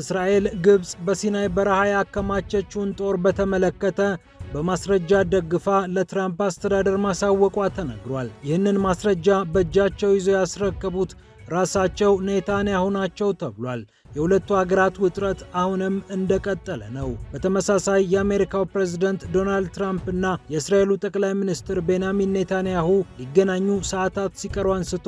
እስራኤል ግብፅ በሲናይ በረሃ ያከማቸችውን ጦር በተመለከተ በማስረጃ ደግፋ ለትራምፕ አስተዳደር ማሳወቋ ተነግሯል። ይህንን ማስረጃ በእጃቸው ይዘው ያስረከቡት ራሳቸው ኔታንያሁ ናቸው ተብሏል። የሁለቱ ሀገራት ውጥረት አሁንም እንደቀጠለ ነው። በተመሳሳይ የአሜሪካው ፕሬዝደንት ዶናልድ ትራምፕ እና የእስራኤሉ ጠቅላይ ሚኒስትር ቤንያሚን ኔታንያሁ ሊገናኙ ሰዓታት ሲቀሩ አንስቶ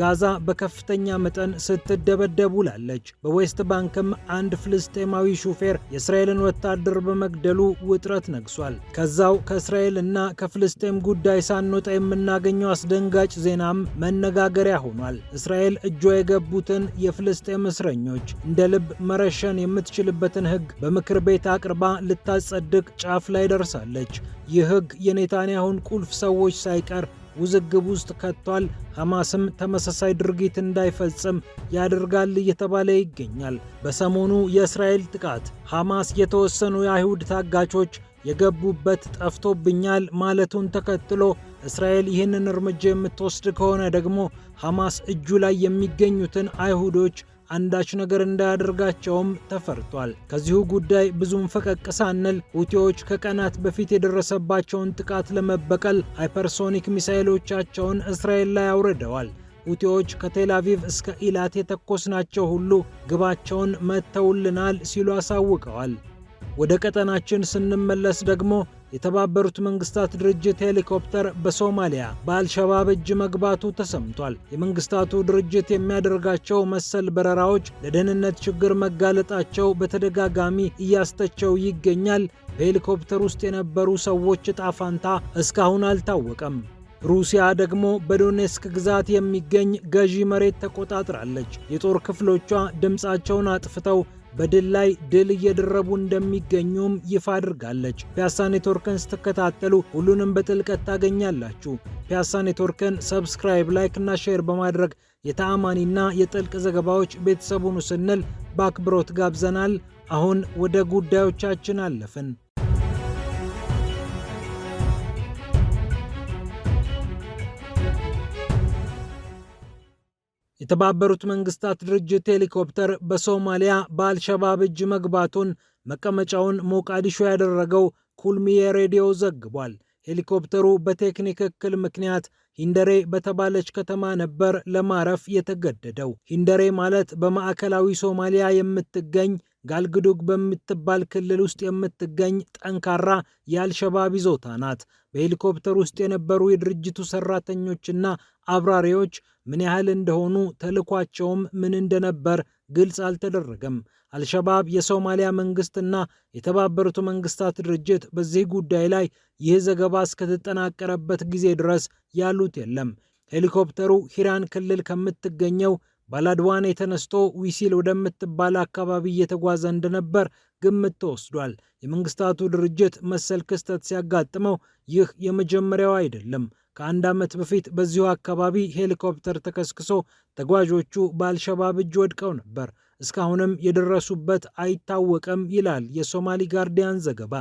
ጋዛ በከፍተኛ መጠን ስትደበደብ ውላለች። በዌስት ባንክም አንድ ፍልስጤማዊ ሹፌር የእስራኤልን ወታደር በመግደሉ ውጥረት ነግሷል። ከዛው ከእስራኤል እና ከፍልስጤም ጉዳይ ሳንወጣ የምናገኘው አስደንጋጭ ዜናም መነጋገሪያ ሆኗል። እስራኤል እጇ የገቡትን የፍልስጤም እስረኞች እንደ ልብ መረሸን የምትችልበትን ሕግ በምክር ቤት አቅርባ ልታጸድቅ ጫፍ ላይ ደርሳለች። ይህ ሕግ የኔታንያሁን ቁልፍ ሰዎች ሳይቀር ውዝግብ ውስጥ ከቷል። ሐማስም ተመሳሳይ ድርጊት እንዳይፈጽም ያደርጋል እየተባለ ይገኛል። በሰሞኑ የእስራኤል ጥቃት ሐማስ የተወሰኑ የአይሁድ ታጋቾች የገቡበት ጠፍቶብኛል ማለቱን ተከትሎ እስራኤል ይህንን እርምጃ የምትወስድ ከሆነ ደግሞ ሐማስ እጁ ላይ የሚገኙትን አይሁዶች አንዳች ነገር እንዳያደርጋቸውም ተፈርቷል። ከዚሁ ጉዳይ ብዙም ፈቀቅ ሳንል ሁቲዎች ከቀናት በፊት የደረሰባቸውን ጥቃት ለመበቀል ሃይፐርሶኒክ ሚሳይሎቻቸውን እስራኤል ላይ አውርደዋል። ሁቲዎች አቪቭ እስከ ኢላት የተኮስናቸው ሁሉ ግባቸውን መጥተውልናል ሲሉ አሳውቀዋል። ወደ ቀጠናችን ስንመለስ ደግሞ የተባበሩት መንግስታት ድርጅት ሄሊኮፕተር በሶማሊያ በአልሸባብ እጅ መግባቱ ተሰምቷል። የመንግስታቱ ድርጅት የሚያደርጋቸው መሰል በረራዎች ለደህንነት ችግር መጋለጣቸው በተደጋጋሚ እያስተቸው ይገኛል። በሄሊኮፕተር ውስጥ የነበሩ ሰዎች ጣፋንታ ፋንታ እስካሁን አልታወቀም። ሩሲያ ደግሞ በዶኔስክ ግዛት የሚገኝ ገዢ መሬት ተቆጣጥራለች። የጦር ክፍሎቿ ድምፃቸውን አጥፍተው በድል ላይ ድል እየደረቡ እንደሚገኙም ይፋ አድርጋለች። ፒያሳ ኔትወርክን ስትከታተሉ ሁሉንም በጥልቀት ታገኛላችሁ። ፒያሳ ኔትወርክን ሰብስክራይብ፣ ላይክ እና ሼር በማድረግ የተአማኒና የጥልቅ ዘገባዎች ቤተሰቡን ስንል በአክብሮት ጋብዘናል። አሁን ወደ ጉዳዮቻችን አለፍን። የተባበሩት መንግስታት ድርጅት ሄሊኮፕተር በሶማሊያ በአልሸባብ እጅ መግባቱን መቀመጫውን ሞቃዲሾ ያደረገው ኩልሚ ሬዲዮ ዘግቧል። ሄሊኮፕተሩ በቴክኒክ እክል ምክንያት ሂንደሬ በተባለች ከተማ ነበር ለማረፍ የተገደደው። ሂንደሬ ማለት በማዕከላዊ ሶማሊያ የምትገኝ ጋልግዱግ በምትባል ክልል ውስጥ የምትገኝ ጠንካራ የአልሸባብ ይዞታ ናት። በሄሊኮፕተር ውስጥ የነበሩ የድርጅቱ ሰራተኞችና አብራሪዎች ምን ያህል እንደሆኑ ተልኳቸውም ምን እንደነበር ግልጽ አልተደረገም። አልሸባብ የሶማሊያ መንግስትና የተባበሩት መንግስታት ድርጅት በዚህ ጉዳይ ላይ ይህ ዘገባ እስከተጠናቀረበት ጊዜ ድረስ ያሉት የለም። ሄሊኮፕተሩ ሂራን ክልል ከምትገኘው ባላድዋን ተነስቶ ዊሲል ወደምትባል አካባቢ እየተጓዘ እንደነበር ግምት ተወስዷል። የመንግስታቱ ድርጅት መሰል ክስተት ሲያጋጥመው ይህ የመጀመሪያው አይደለም። ከአንድ ዓመት በፊት በዚሁ አካባቢ ሄሊኮፕተር ተከስክሶ ተጓዦቹ በአልሸባብ እጅ ወድቀው ነበር። እስካሁንም የደረሱበት አይታወቅም ይላል የሶማሊ ጋርዲያን ዘገባ።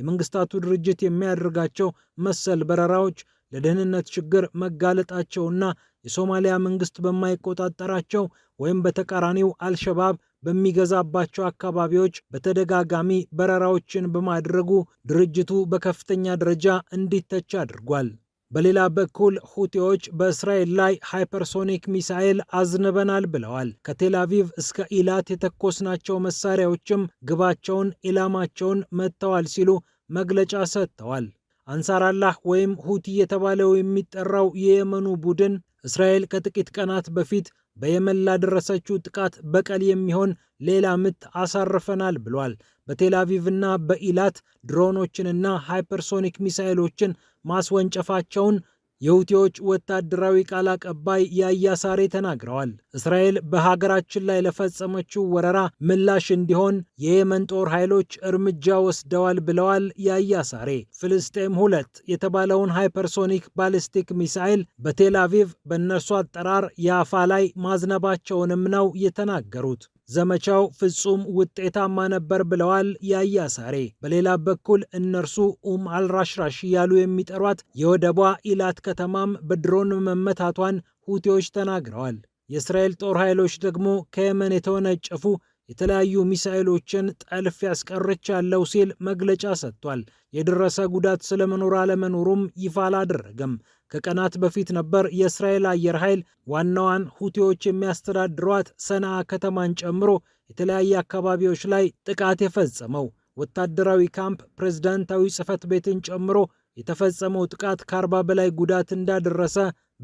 የመንግስታቱ ድርጅት የሚያደርጋቸው መሰል በረራዎች ለደህንነት ችግር መጋለጣቸውና የሶማሊያ መንግስት በማይቆጣጠራቸው ወይም በተቃራኒው አልሸባብ በሚገዛባቸው አካባቢዎች በተደጋጋሚ በረራዎችን በማድረጉ ድርጅቱ በከፍተኛ ደረጃ እንዲተች አድርጓል። በሌላ በኩል ሁቲዎች በእስራኤል ላይ ሃይፐርሶኒክ ሚሳኤል አዝንበናል ብለዋል። ከቴላቪቭ እስከ ኢላት የተኮስናቸው መሳሪያዎችም ግባቸውን፣ ኢላማቸውን መጥተዋል ሲሉ መግለጫ ሰጥተዋል። አንሳራላህ ወይም ሁቲ የተባለው የሚጠራው የየመኑ ቡድን እስራኤል ከጥቂት ቀናት በፊት በየመን ላደረሰችው ጥቃት በቀል የሚሆን ሌላ ምት አሳርፈናል ብሏል። በቴላቪቭና በኢላት ድሮኖችንና ሃይፐርሶኒክ ሚሳይሎችን ማስወንጨፋቸውን የሁቲዎች ወታደራዊ ቃል አቀባይ ያያ ሳሬ ተናግረዋል። እስራኤል በሀገራችን ላይ ለፈጸመችው ወረራ ምላሽ እንዲሆን የየመን ጦር ኃይሎች እርምጃ ወስደዋል ብለዋል። ያያ ሳሬ ፍልስጤም ሁለት የተባለውን ሃይፐርሶኒክ ባሊስቲክ ሚሳኤል በቴል አቪቭ በእነርሱ አጠራር የአፋ ላይ ማዝነባቸውንም ነው የተናገሩት። ዘመቻው ፍጹም ውጤታማ ነበር ብለዋል ያያ ሳሬ። በሌላ በኩል እነርሱ ኡም አልራሽራሽ እያሉ የሚጠሯት የወደቧ ኢላት ከተማም በድሮን መመታቷን ሁቲዎች ተናግረዋል። የእስራኤል ጦር ኃይሎች ደግሞ ከየመን የተወነጨፉ የተለያዩ ሚሳኤሎችን ጠልፍ ያስቀርች ያለው ሲል መግለጫ ሰጥቷል። የደረሰ ጉዳት ስለመኖር አለመኖሩም ይፋ አላደረገም። ከቀናት በፊት ነበር የእስራኤል አየር ኃይል ዋናዋን ሁቲዎች የሚያስተዳድሯት ሰንዓ ከተማን ጨምሮ የተለያየ አካባቢዎች ላይ ጥቃት የፈጸመው። ወታደራዊ ካምፕ ፕሬዝዳንታዊ ጽሕፈት ቤትን ጨምሮ የተፈጸመው ጥቃት ከአርባ በላይ ጉዳት እንዳደረሰ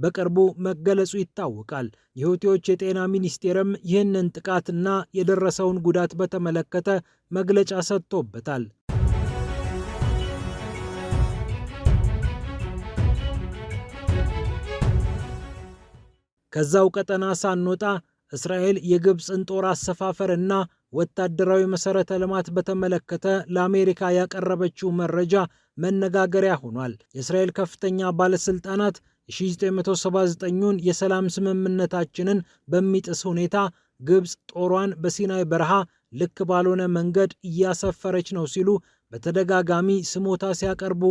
በቅርቡ መገለጹ ይታወቃል። የሁቲዎች የጤና ሚኒስቴርም ይህንን ጥቃትና የደረሰውን ጉዳት በተመለከተ መግለጫ ሰጥቶበታል። ከዛው ቀጠና ሳንወጣ እስራኤል የግብፅን ጦር አሰፋፈር እና ወታደራዊ መሠረተ ልማት በተመለከተ ለአሜሪካ ያቀረበችው መረጃ መነጋገሪያ ሆኗል። የእስራኤል ከፍተኛ ባለሥልጣናት የ1979ን የሰላም ስምምነታችንን በሚጥስ ሁኔታ ግብፅ ጦሯን በሲናይ በረሃ ልክ ባልሆነ መንገድ እያሰፈረች ነው ሲሉ በተደጋጋሚ ስሞታ ሲያቀርቡ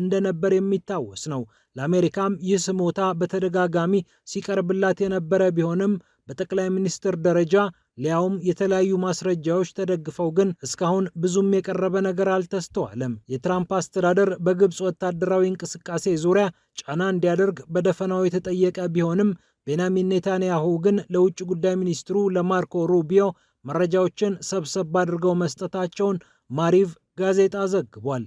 እንደነበር የሚታወስ ነው። ለአሜሪካም ይህ ስሞታ በተደጋጋሚ ሲቀርብላት የነበረ ቢሆንም በጠቅላይ ሚኒስትር ደረጃ ሊያውም የተለያዩ ማስረጃዎች ተደግፈው ግን እስካሁን ብዙም የቀረበ ነገር አልተስተዋለም። የትራምፕ አስተዳደር በግብፅ ወታደራዊ እንቅስቃሴ ዙሪያ ጫና እንዲያደርግ በደፈናው የተጠየቀ ቢሆንም ቤንያሚን ኔታንያሁ ግን ለውጭ ጉዳይ ሚኒስትሩ ለማርኮ ሩቢዮ መረጃዎችን ሰብሰብ አድርገው መስጠታቸውን ማሪቭ ጋዜጣ ዘግቧል።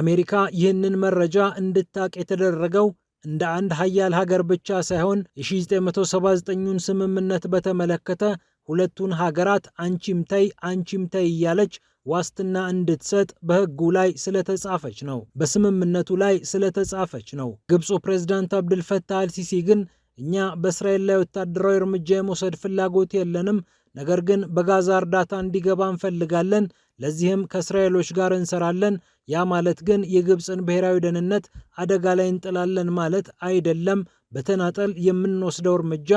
አሜሪካ ይህንን መረጃ እንድታቅ የተደረገው እንደ አንድ ሀያል ሀገር ብቻ ሳይሆን የ1979ን ስምምነት በተመለከተ ሁለቱን ሀገራት አንቺም ተይ አንቺም ተይ እያለች ዋስትና እንድትሰጥ በሕጉ ላይ ስለተጻፈች ነው፣ በስምምነቱ ላይ ስለተጻፈች ነው። ግብፁ ፕሬዝዳንት አብድልፈታህ አልሲሲ ግን እኛ በእስራኤል ላይ ወታደራዊ እርምጃ የመውሰድ ፍላጎት የለንም፣ ነገር ግን በጋዛ እርዳታ እንዲገባ እንፈልጋለን ለዚህም ከእስራኤሎች ጋር እንሰራለን። ያ ማለት ግን የግብፅን ብሔራዊ ደህንነት አደጋ ላይ እንጥላለን ማለት አይደለም። በተናጠል የምንወስደው እርምጃ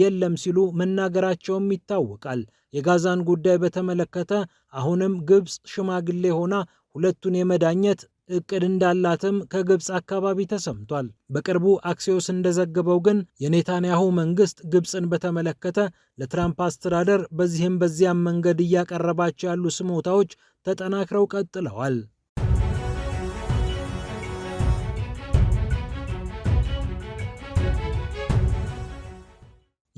የለም ሲሉ መናገራቸውም ይታወቃል። የጋዛን ጉዳይ በተመለከተ አሁንም ግብፅ ሽማግሌ ሆና ሁለቱን የመዳኘት እቅድ እንዳላትም ከግብፅ አካባቢ ተሰምቷል። በቅርቡ አክሲዮስ እንደዘገበው ግን የኔታንያሁ መንግስት ግብፅን በተመለከተ ለትራምፕ አስተዳደር በዚህም በዚያም መንገድ እያቀረባቸው ያሉ ስሞታዎች ተጠናክረው ቀጥለዋል።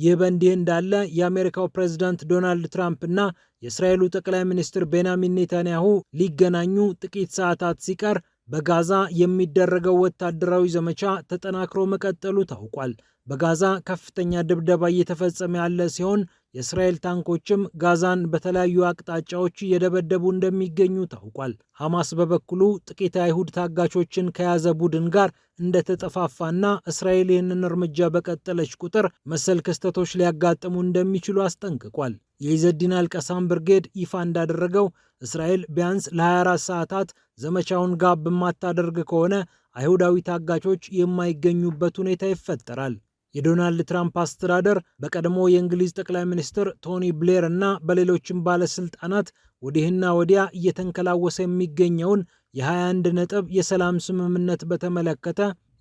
ይህ በእንዲህ እንዳለ የአሜሪካው ፕሬዝዳንት ዶናልድ ትራምፕ እና የእስራኤሉ ጠቅላይ ሚኒስትር ቤንያሚን ኔታንያሁ ሊገናኙ ጥቂት ሰዓታት ሲቀር በጋዛ የሚደረገው ወታደራዊ ዘመቻ ተጠናክሮ መቀጠሉ ታውቋል። በጋዛ ከፍተኛ ድብደባ እየተፈጸመ ያለ ሲሆን የእስራኤል ታንኮችም ጋዛን በተለያዩ አቅጣጫዎች እየደበደቡ እንደሚገኙ ታውቋል። ሐማስ በበኩሉ ጥቂት አይሁድ ታጋቾችን ከያዘ ቡድን ጋር እንደተጠፋፋና እስራኤል ይህንን እርምጃ በቀጠለች ቁጥር መሰል ክስተቶች ሊያጋጥሙ እንደሚችሉ አስጠንቅቋል። የኢዘዲን አልቀሳም ብርጌድ ይፋ እንዳደረገው እስራኤል ቢያንስ ለ24 ሰዓታት ዘመቻውን ጋብ የማታደርግ ከሆነ አይሁዳዊ ታጋቾች የማይገኙበት ሁኔታ ይፈጠራል። የዶናልድ ትራምፕ አስተዳደር በቀድሞ የእንግሊዝ ጠቅላይ ሚኒስትር ቶኒ ብሌር እና በሌሎችም ባለስልጣናት ወዲህና ወዲያ እየተንከላወሰ የሚገኘውን የ21 ነጥብ የሰላም ስምምነት በተመለከተ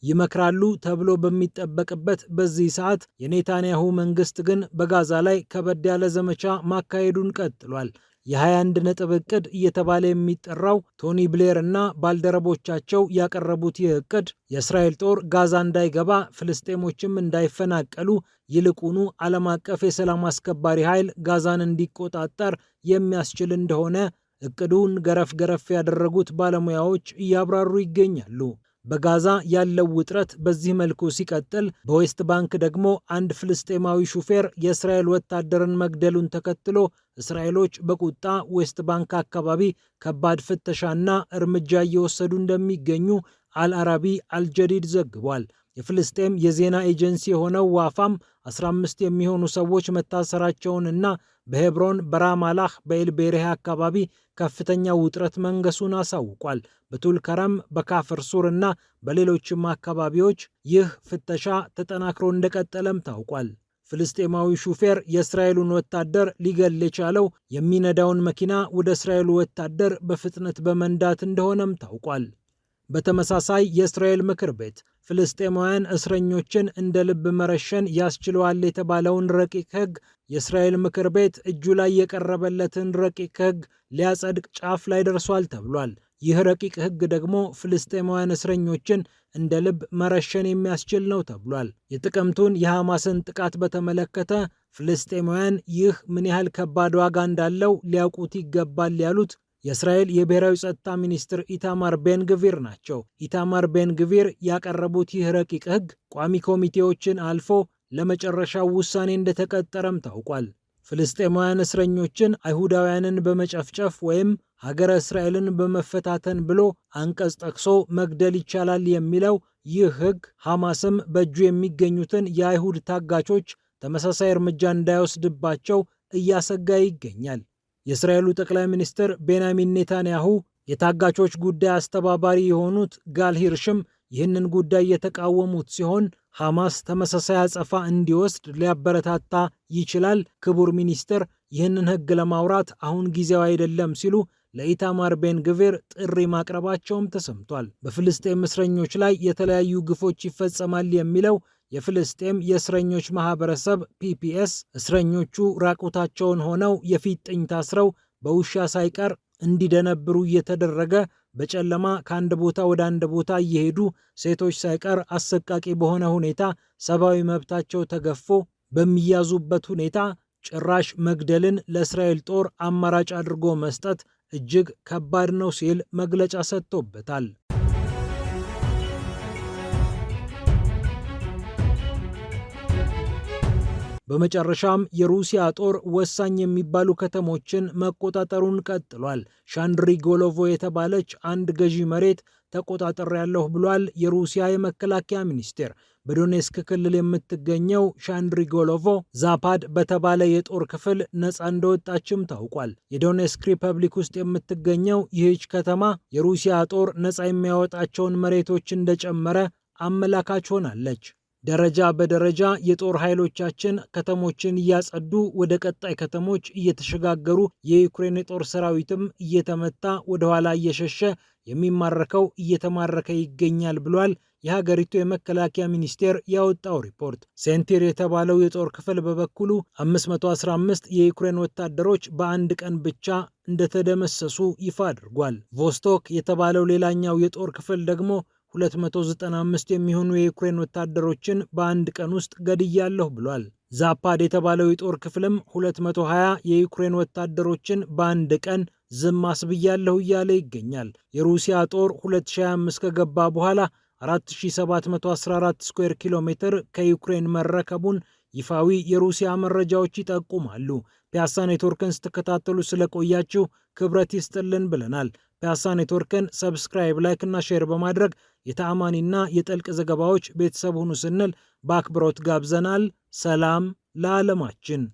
ይመክራሉ ተብሎ በሚጠበቅበት በዚህ ሰዓት የኔታንያሁ መንግስት ግን በጋዛ ላይ ከበድ ያለ ዘመቻ ማካሄዱን ቀጥሏል። የ21 ነጥብ እቅድ እየተባለ የሚጠራው ቶኒ ብሌር እና ባልደረቦቻቸው ያቀረቡት ይህ እቅድ የእስራኤል ጦር ጋዛ እንዳይገባ ፍልስጤሞችም እንዳይፈናቀሉ ይልቁኑ ዓለም አቀፍ የሰላም አስከባሪ ኃይል ጋዛን እንዲቆጣጠር የሚያስችል እንደሆነ እቅዱን ገረፍ ገረፍ ያደረጉት ባለሙያዎች እያብራሩ ይገኛሉ። በጋዛ ያለው ውጥረት በዚህ መልኩ ሲቀጥል በዌስት ባንክ ደግሞ አንድ ፍልስጤማዊ ሹፌር የእስራኤል ወታደርን መግደሉን ተከትሎ እስራኤሎች በቁጣ ዌስት ባንክ አካባቢ ከባድ ፍተሻና እርምጃ እየወሰዱ እንደሚገኙ አልአራቢ አልጀዲድ ዘግቧል። የፍልስጤም የዜና ኤጀንሲ የሆነው ዋፋም 15 የሚሆኑ ሰዎች መታሰራቸውን እና በሄብሮን በራማላህ በኤልቤሬህ አካባቢ ከፍተኛ ውጥረት መንገሱን አሳውቋል። በቱልከረም በካፍር ሱር እና በሌሎችም አካባቢዎች ይህ ፍተሻ ተጠናክሮ እንደቀጠለም ታውቋል። ፍልስጤማዊ ሹፌር የእስራኤሉን ወታደር ሊገል የቻለው የሚነዳውን መኪና ወደ እስራኤሉ ወታደር በፍጥነት በመንዳት እንደሆነም ታውቋል። በተመሳሳይ የእስራኤል ምክር ቤት ፍልስጤማውያን እስረኞችን እንደ ልብ መረሸን ያስችለዋል የተባለውን ረቂቅ ሕግ የእስራኤል ምክር ቤት እጁ ላይ የቀረበለትን ረቂቅ ሕግ ሊያጸድቅ ጫፍ ላይ ደርሷል ተብሏል። ይህ ረቂቅ ሕግ ደግሞ ፍልስጤማውያን እስረኞችን እንደ ልብ መረሸን የሚያስችል ነው ተብሏል። የጥቅምቱን የሐማስን ጥቃት በተመለከተ ፍልስጤማውያን ይህ ምን ያህል ከባድ ዋጋ እንዳለው ሊያውቁት ይገባል ያሉት የእስራኤል የብሔራዊ ጸጥታ ሚኒስትር ኢታማር ቤንግቪር ናቸው። ኢታማር ቤንግቪር ያቀረቡት ይህ ረቂቅ ሕግ ቋሚ ኮሚቴዎችን አልፎ ለመጨረሻው ውሳኔ እንደተቀጠረም ታውቋል። ፍልስጤማውያን እስረኞችን አይሁዳውያንን በመጨፍጨፍ ወይም ሀገረ እስራኤልን በመፈታተን ብሎ አንቀጽ ጠቅሶ መግደል ይቻላል የሚለው ይህ ሕግ ሐማስም በእጁ የሚገኙትን የአይሁድ ታጋቾች ተመሳሳይ እርምጃ እንዳይወስድባቸው እያሰጋ ይገኛል። የእስራኤሉ ጠቅላይ ሚኒስትር ቤንያሚን ኔታንያሁ የታጋቾች ጉዳይ አስተባባሪ የሆኑት ጋል ሂርሽም ይህንን ጉዳይ የተቃወሙት ሲሆን ሐማስ ተመሳሳይ አጸፋ እንዲወስድ ሊያበረታታ ይችላል፣ ክቡር ሚኒስትር፣ ይህንን ሕግ ለማውራት አሁን ጊዜው አይደለም ሲሉ ለኢታማር ቤን ግቪር ጥሪ ማቅረባቸውም ተሰምቷል። በፍልስጤም እስረኞች ላይ የተለያዩ ግፎች ይፈጸማል የሚለው የፍልስጤም የእስረኞች ማህበረሰብ ፒፒኤስ እስረኞቹ ራቁታቸውን ሆነው የፊት ጥኝ ታስረው በውሻ ሳይቀር እንዲደነብሩ እየተደረገ በጨለማ ከአንድ ቦታ ወደ አንድ ቦታ እየሄዱ ሴቶች ሳይቀር አሰቃቂ በሆነ ሁኔታ ሰብአዊ መብታቸው ተገፎ በሚያዙበት ሁኔታ ጭራሽ መግደልን ለእስራኤል ጦር አማራጭ አድርጎ መስጠት እጅግ ከባድ ነው ሲል መግለጫ ሰጥቶበታል። በመጨረሻም የሩሲያ ጦር ወሳኝ የሚባሉ ከተሞችን መቆጣጠሩን ቀጥሏል። ሻንድሪ ጎሎቮ የተባለች አንድ ገዢ መሬት ያለሁ ብሏል የሩሲያ የመከላከያ ሚኒስቴር። በዶኔስክ ክልል የምትገኘው ሻንድሪ ጎሎቮ ዛፓድ በተባለ የጦር ክፍል ነፃ እንደወጣችም ታውቋል። የዶኔስክ ሪፐብሊክ ውስጥ የምትገኘው ይህች ከተማ የሩሲያ ጦር ነፃ የሚያወጣቸውን መሬቶች እንደጨመረ አመላካች ሆናለች። ደረጃ በደረጃ የጦር ኃይሎቻችን ከተሞችን እያጸዱ ወደ ቀጣይ ከተሞች እየተሸጋገሩ የዩክሬን የጦር ሰራዊትም እየተመታ ወደ ኋላ እየሸሸ የሚማረከው እየተማረከ ይገኛል ብሏል። የሀገሪቱ የመከላከያ ሚኒስቴር ያወጣው ሪፖርት ሴንቲር የተባለው የጦር ክፍል በበኩሉ 515 የዩክሬን ወታደሮች በአንድ ቀን ብቻ እንደተደመሰሱ ይፋ አድርጓል። ቮስቶክ የተባለው ሌላኛው የጦር ክፍል ደግሞ 295 የሚሆኑ የዩክሬን ወታደሮችን በአንድ ቀን ውስጥ ገድያለሁ ብሏል። ዛፓድ የተባለው የጦር ክፍልም 220 የዩክሬን ወታደሮችን በአንድ ቀን ዝም አስብያለሁ እያለ ይገኛል። የሩሲያ ጦር 2025 ከገባ በኋላ 4714 ስኩዌር ኪሎ ሜትር ከዩክሬን መረከቡን ይፋዊ የሩሲያ መረጃዎች ይጠቁማሉ። ፒያሳ ኔትወርክን ስትከታተሉ ስለቆያችሁ ክብረት ይስጥልን ብለናል። ፒያሳ ኔትወርክን ሰብስክራይብ፣ ላይክ እና ሼር በማድረግ የተአማኒና የጠልቅ ዘገባዎች ቤተሰብ ሁኑ ስንል በአክብሮት ጋብዘናል። ሰላም ለዓለማችን።